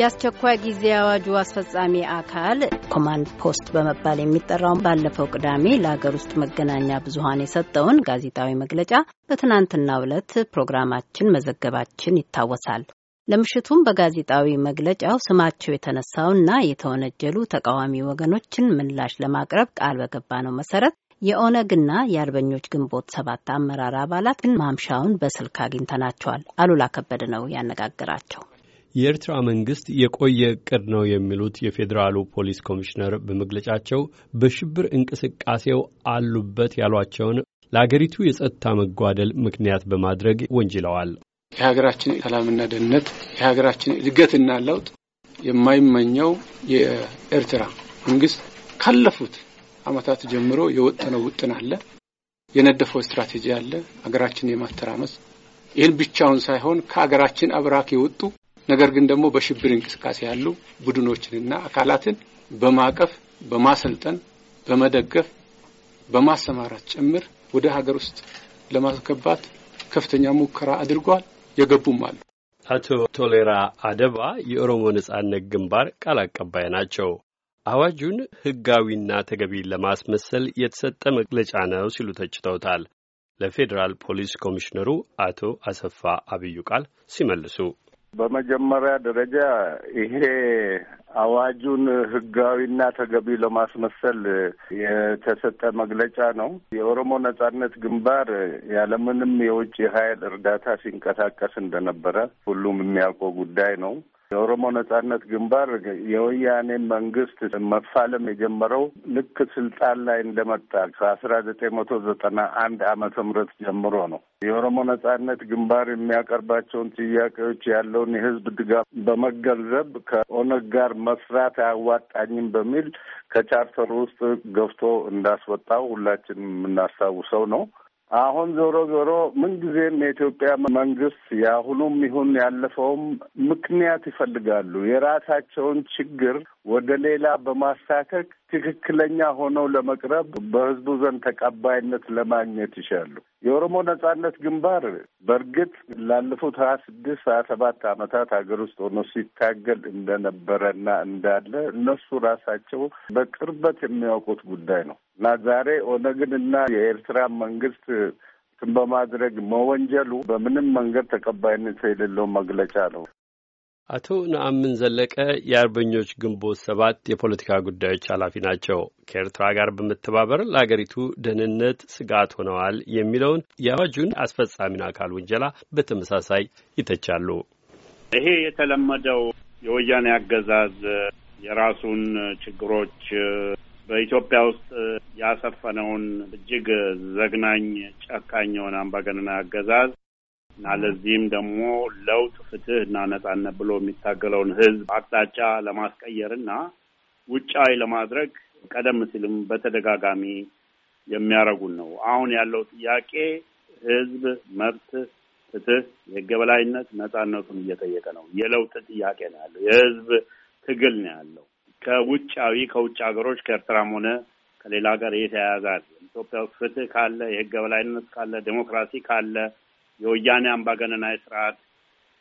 የአስቸኳይ ጊዜ አዋጁ አስፈጻሚ አካል ኮማንድ ፖስት በመባል የሚጠራውን ባለፈው ቅዳሜ ለሀገር ውስጥ መገናኛ ብዙኃን የሰጠውን ጋዜጣዊ መግለጫ በትናንትናው ዕለት ፕሮግራማችን መዘገባችን ይታወሳል። ለምሽቱም በጋዜጣዊ መግለጫው ስማቸው የተነሳውና የተወነጀሉ ተቃዋሚ ወገኖችን ምላሽ ለማቅረብ ቃል በገባ ነው መሰረት የኦነግና የአርበኞች ግንቦት ሰባት አመራር አባላት ግን ማምሻውን በስልክ አግኝተናቸዋል። አሉላ ከበደ ነው ያነጋገራቸው። የኤርትራ መንግስት የቆየ እቅድ ነው የሚሉት የፌዴራሉ ፖሊስ ኮሚሽነር በመግለጫቸው በሽብር እንቅስቃሴው አሉበት ያሏቸውን ለአገሪቱ የጸጥታ መጓደል ምክንያት በማድረግ ወንጅለዋል። የሀገራችን ሰላምና ደህንነት፣ የሀገራችን እድገትና ለውጥ የማይመኘው የኤርትራ መንግስት ካለፉት አመታት ጀምሮ የወጠነው ውጥን አለ፣ የነደፈው ስትራቴጂ አለ፣ ሀገራችን የማተራመስ ይህን ብቻውን ሳይሆን ከሀገራችን አብራክ የወጡ ነገር ግን ደግሞ በሽብር እንቅስቃሴ ያሉ ቡድኖችንና አካላትን በማቀፍ በማሰልጠን በመደገፍ በማሰማራት ጭምር ወደ ሀገር ውስጥ ለማስገባት ከፍተኛ ሙከራ አድርጓል። የገቡም አሉ። አቶ ቶሌራ አደባ የኦሮሞ ነጻነት ግንባር ቃል አቀባይ ናቸው። አዋጁን ሕጋዊና ተገቢ ለማስመሰል የተሰጠ መግለጫ ነው ሲሉ ተችተውታል። ለፌዴራል ፖሊስ ኮሚሽነሩ አቶ አሰፋ አብዩ ቃል ሲመልሱ በመጀመሪያ ደረጃ ይሄ አዋጁን ህጋዊና ተገቢ ለማስመሰል የተሰጠ መግለጫ ነው። የኦሮሞ ነጻነት ግንባር ያለምንም የውጭ ኃይል እርዳታ ሲንቀሳቀስ እንደነበረ ሁሉም የሚያውቀው ጉዳይ ነው። የኦሮሞ ነጻነት ግንባር የወያኔ መንግስት መፋለም የጀመረው ልክ ስልጣን ላይ እንደመጣ ከአስራ ዘጠኝ መቶ ዘጠና አንድ አመተ ምህረት ጀምሮ ነው። የኦሮሞ ነጻነት ግንባር የሚያቀርባቸውን ጥያቄዎች ያለውን የህዝብ ድጋፍ በመገንዘብ ከኦነግ ጋር መስራት አያዋጣኝም በሚል ከቻርተር ውስጥ ገፍቶ እንዳስወጣው ሁላችን የምናስታውሰው ነው። አሁን ዞሮ ዞሮ ምንጊዜም የኢትዮጵያ መንግስት የአሁኑም ይሁን ያለፈውም ምክንያት ይፈልጋሉ። የራሳቸውን ችግር ወደ ሌላ በማሳከክ ትክክለኛ ሆነው ለመቅረብ በህዝቡ ዘንድ ተቀባይነት ለማግኘት ይሻሉ። የኦሮሞ ነጻነት ግንባር በእርግጥ ላለፉት ሀያ ስድስት ሀያ ሰባት ዓመታት ሀገር ውስጥ ሆኖ ሲታገል እንደነበረና እንዳለ እነሱ ራሳቸው በቅርበት የሚያውቁት ጉዳይ ነው እና ዛሬ ኦነግን እና የኤርትራ መንግስት በማድረግ መወንጀሉ በምንም መንገድ ተቀባይነት የሌለው መግለጫ ነው። አቶ ነአምን ዘለቀ የአርበኞች ግንቦት ሰባት የፖለቲካ ጉዳዮች ኃላፊ ናቸው። ከኤርትራ ጋር በመተባበር ለአገሪቱ ደህንነት ስጋት ሆነዋል የሚለውን የአዋጁን አስፈጻሚን አካል ውንጀላ በተመሳሳይ ይተቻሉ። ይሄ የተለመደው የወያኔ አገዛዝ የራሱን ችግሮች በኢትዮጵያ ውስጥ ያሰፈነውን እጅግ ዘግናኝ ጨካኝ የሆነ አምባገነን አገዛዝ እና ለዚህም ደግሞ ለውጥ፣ ፍትህ እና ነጻነት ብሎ የሚታገለውን ህዝብ አቅጣጫ ለማስቀየር ለማስቀየርና ውጫዊ ለማድረግ ቀደም ሲልም በተደጋጋሚ የሚያደርጉን ነው። አሁን ያለው ጥያቄ ህዝብ መብት፣ ፍትህ፣ የህግ የበላይነት ነጻነቱን እየጠየቀ ነው። የለውጥ ጥያቄ ነው ያለው። የህዝብ ትግል ነው ያለው። ከውጫዊ ከውጭ ሀገሮች ከኤርትራም ሆነ ከሌላ ሀገር የተያያዘ ኢትዮጵያ ውስጥ ፍትህ ካለ፣ የህግ የበላይነት ካለ፣ ዴሞክራሲ ካለ የወያኔ አምባገነናዊ ስርዓት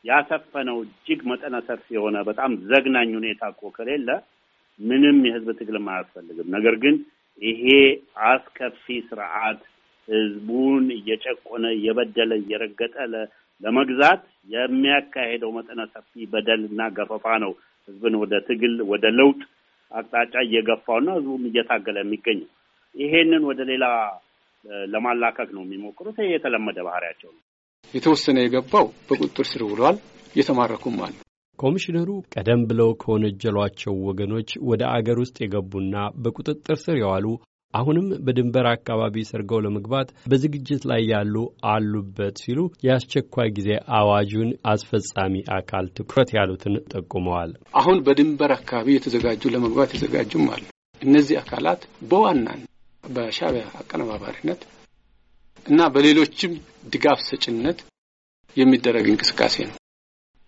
ያሰፈነው እጅግ መጠነ ሰፊ የሆነ በጣም ዘግናኝ ሁኔታ እኮ ከሌለ ምንም የህዝብ ትግልም አያስፈልግም። ነገር ግን ይሄ አስከፊ ስርዓት ህዝቡን እየጨቆነ እየበደለ እየረገጠ ለመግዛት የሚያካሄደው መጠነ ሰፊ በደልና ገፈፋ ነው ህዝብን ወደ ትግል ወደ ለውጥ አቅጣጫ እየገፋውና ህዝቡም እየታገለ የሚገኘው ይሄንን ወደ ሌላ ለማላከክ ነው የሚሞክሩት። ይሄ የተለመደ ባህሪያቸው ነው። የተወሰነ የገባው በቁጥጥር ስር ውሏል። እየተማረኩም አሉ። ኮሚሽነሩ ቀደም ብለው ከወነጀሏቸው ወገኖች ወደ አገር ውስጥ የገቡና በቁጥጥር ስር የዋሉ አሁንም በድንበር አካባቢ ሰርገው ለመግባት በዝግጅት ላይ ያሉ አሉበት ሲሉ የአስቸኳይ ጊዜ አዋጁን አስፈጻሚ አካል ትኩረት ያሉትን ጠቁመዋል። አሁን በድንበር አካባቢ የተዘጋጁ ለመግባት የተዘጋጁም አሉ። እነዚህ አካላት በዋናን በሻቢያ አቀነባባሪነት እና በሌሎችም ድጋፍ ሰጭነት የሚደረግ እንቅስቃሴ ነው።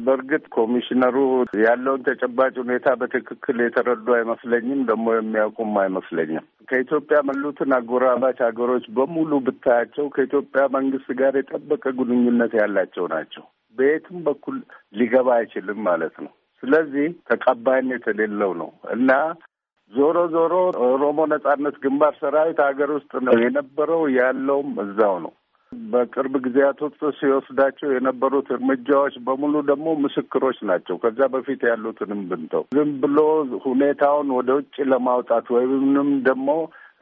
በእርግጥ ኮሚሽነሩ ያለውን ተጨባጭ ሁኔታ በትክክል የተረዱ አይመስለኝም፣ ደግሞ የሚያውቁም አይመስለኝም። ከኢትዮጵያ መሉትን አጎራባች ሀገሮች በሙሉ ብታያቸው ከኢትዮጵያ መንግስት ጋር የጠበቀ ግንኙነት ያላቸው ናቸው። በየትም በኩል ሊገባ አይችልም ማለት ነው። ስለዚህ ተቀባይነት የሌለው ነው እና ዞሮ ዞሮ ኦሮሞ ነጻነት ግንባር ሰራዊት ሀገር ውስጥ ነው የነበረው ያለውም እዛው ነው። በቅርብ ጊዜያት ሲወስዳቸው የነበሩት እርምጃዎች በሙሉ ደግሞ ምስክሮች ናቸው። ከዛ በፊት ያሉትንም ብንተው ዝም ብሎ ሁኔታውን ወደ ውጭ ለማውጣት ወይምንም ደግሞ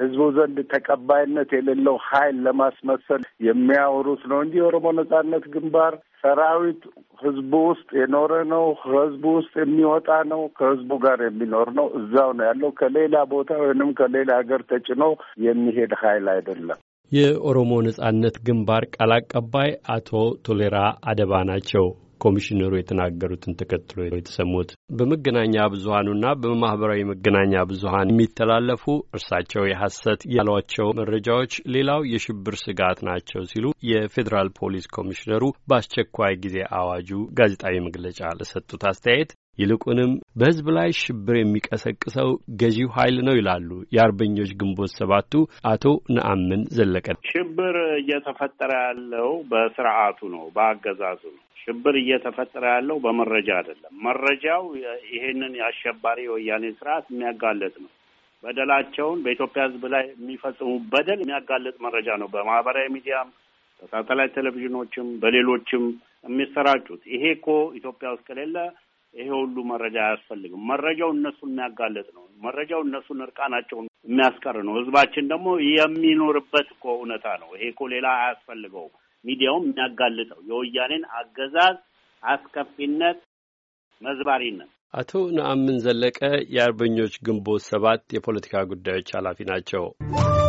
ህዝቡ ዘንድ ተቀባይነት የሌለው ኃይል ለማስመሰል የሚያወሩት ነው እንጂ የኦሮሞ ነጻነት ግንባር ሰራዊት ህዝቡ ውስጥ የኖረ ነው። ህዝቡ ውስጥ የሚወጣ ነው። ከህዝቡ ጋር የሚኖር ነው። እዛው ነው ያለው። ከሌላ ቦታ ወይንም ከሌላ ሀገር ተጭኖ የሚሄድ ኃይል አይደለም። የኦሮሞ ነጻነት ግንባር ቃል አቀባይ አቶ ቶሌራ አደባ ናቸው። ኮሚሽነሩ የተናገሩትን ተከትሎ የተሰሙት በመገናኛ ብዙሀኑና በማህበራዊ መገናኛ ብዙሀን የሚተላለፉ እርሳቸው የሐሰት ያሏቸው መረጃዎች ሌላው የሽብር ስጋት ናቸው ሲሉ የፌዴራል ፖሊስ ኮሚሽነሩ በአስቸኳይ ጊዜ አዋጁ ጋዜጣዊ መግለጫ ለሰጡት አስተያየት ይልቁንም በሕዝብ ላይ ሽብር የሚቀሰቅሰው ገዢው ኃይል ነው ይላሉ የአርበኞች ግንቦት ሰባቱ አቶ ነአምን ዘለቀ። ሽብር እየተፈጠረ ያለው በስርዓቱ ነው፣ በአገዛዙ ነው። ሽብር እየተፈጠረ ያለው በመረጃ አይደለም። መረጃው ይሄንን የአሸባሪ ወያኔ ስርዓት የሚያጋለጥ ነው። በደላቸውን በኢትዮጵያ ሕዝብ ላይ የሚፈጽሙ በደል የሚያጋለጥ መረጃ ነው። በማህበራዊ ሚዲያም፣ በሳተላይት ቴሌቪዥኖችም፣ በሌሎችም የሚሰራጩት ይሄ እኮ ኢትዮጵያ ውስጥ ከሌለ ይሄ ሁሉ መረጃ አያስፈልግም። መረጃው እነሱን የሚያጋለጥ ነው። መረጃው እነሱን እርቃናቸውን የሚያስቀር ነው። ህዝባችን ደግሞ የሚኖርበት እኮ እውነታ ነው። ይሄ እኮ ሌላ አያስፈልገው። ሚዲያውም የሚያጋልጠው የወያኔን አገዛዝ አስከፊነት፣ መዝባሪነት አቶ ነአምን ዘለቀ የአርበኞች ግንቦት ሰባት የፖለቲካ ጉዳዮች ኃላፊ ናቸው።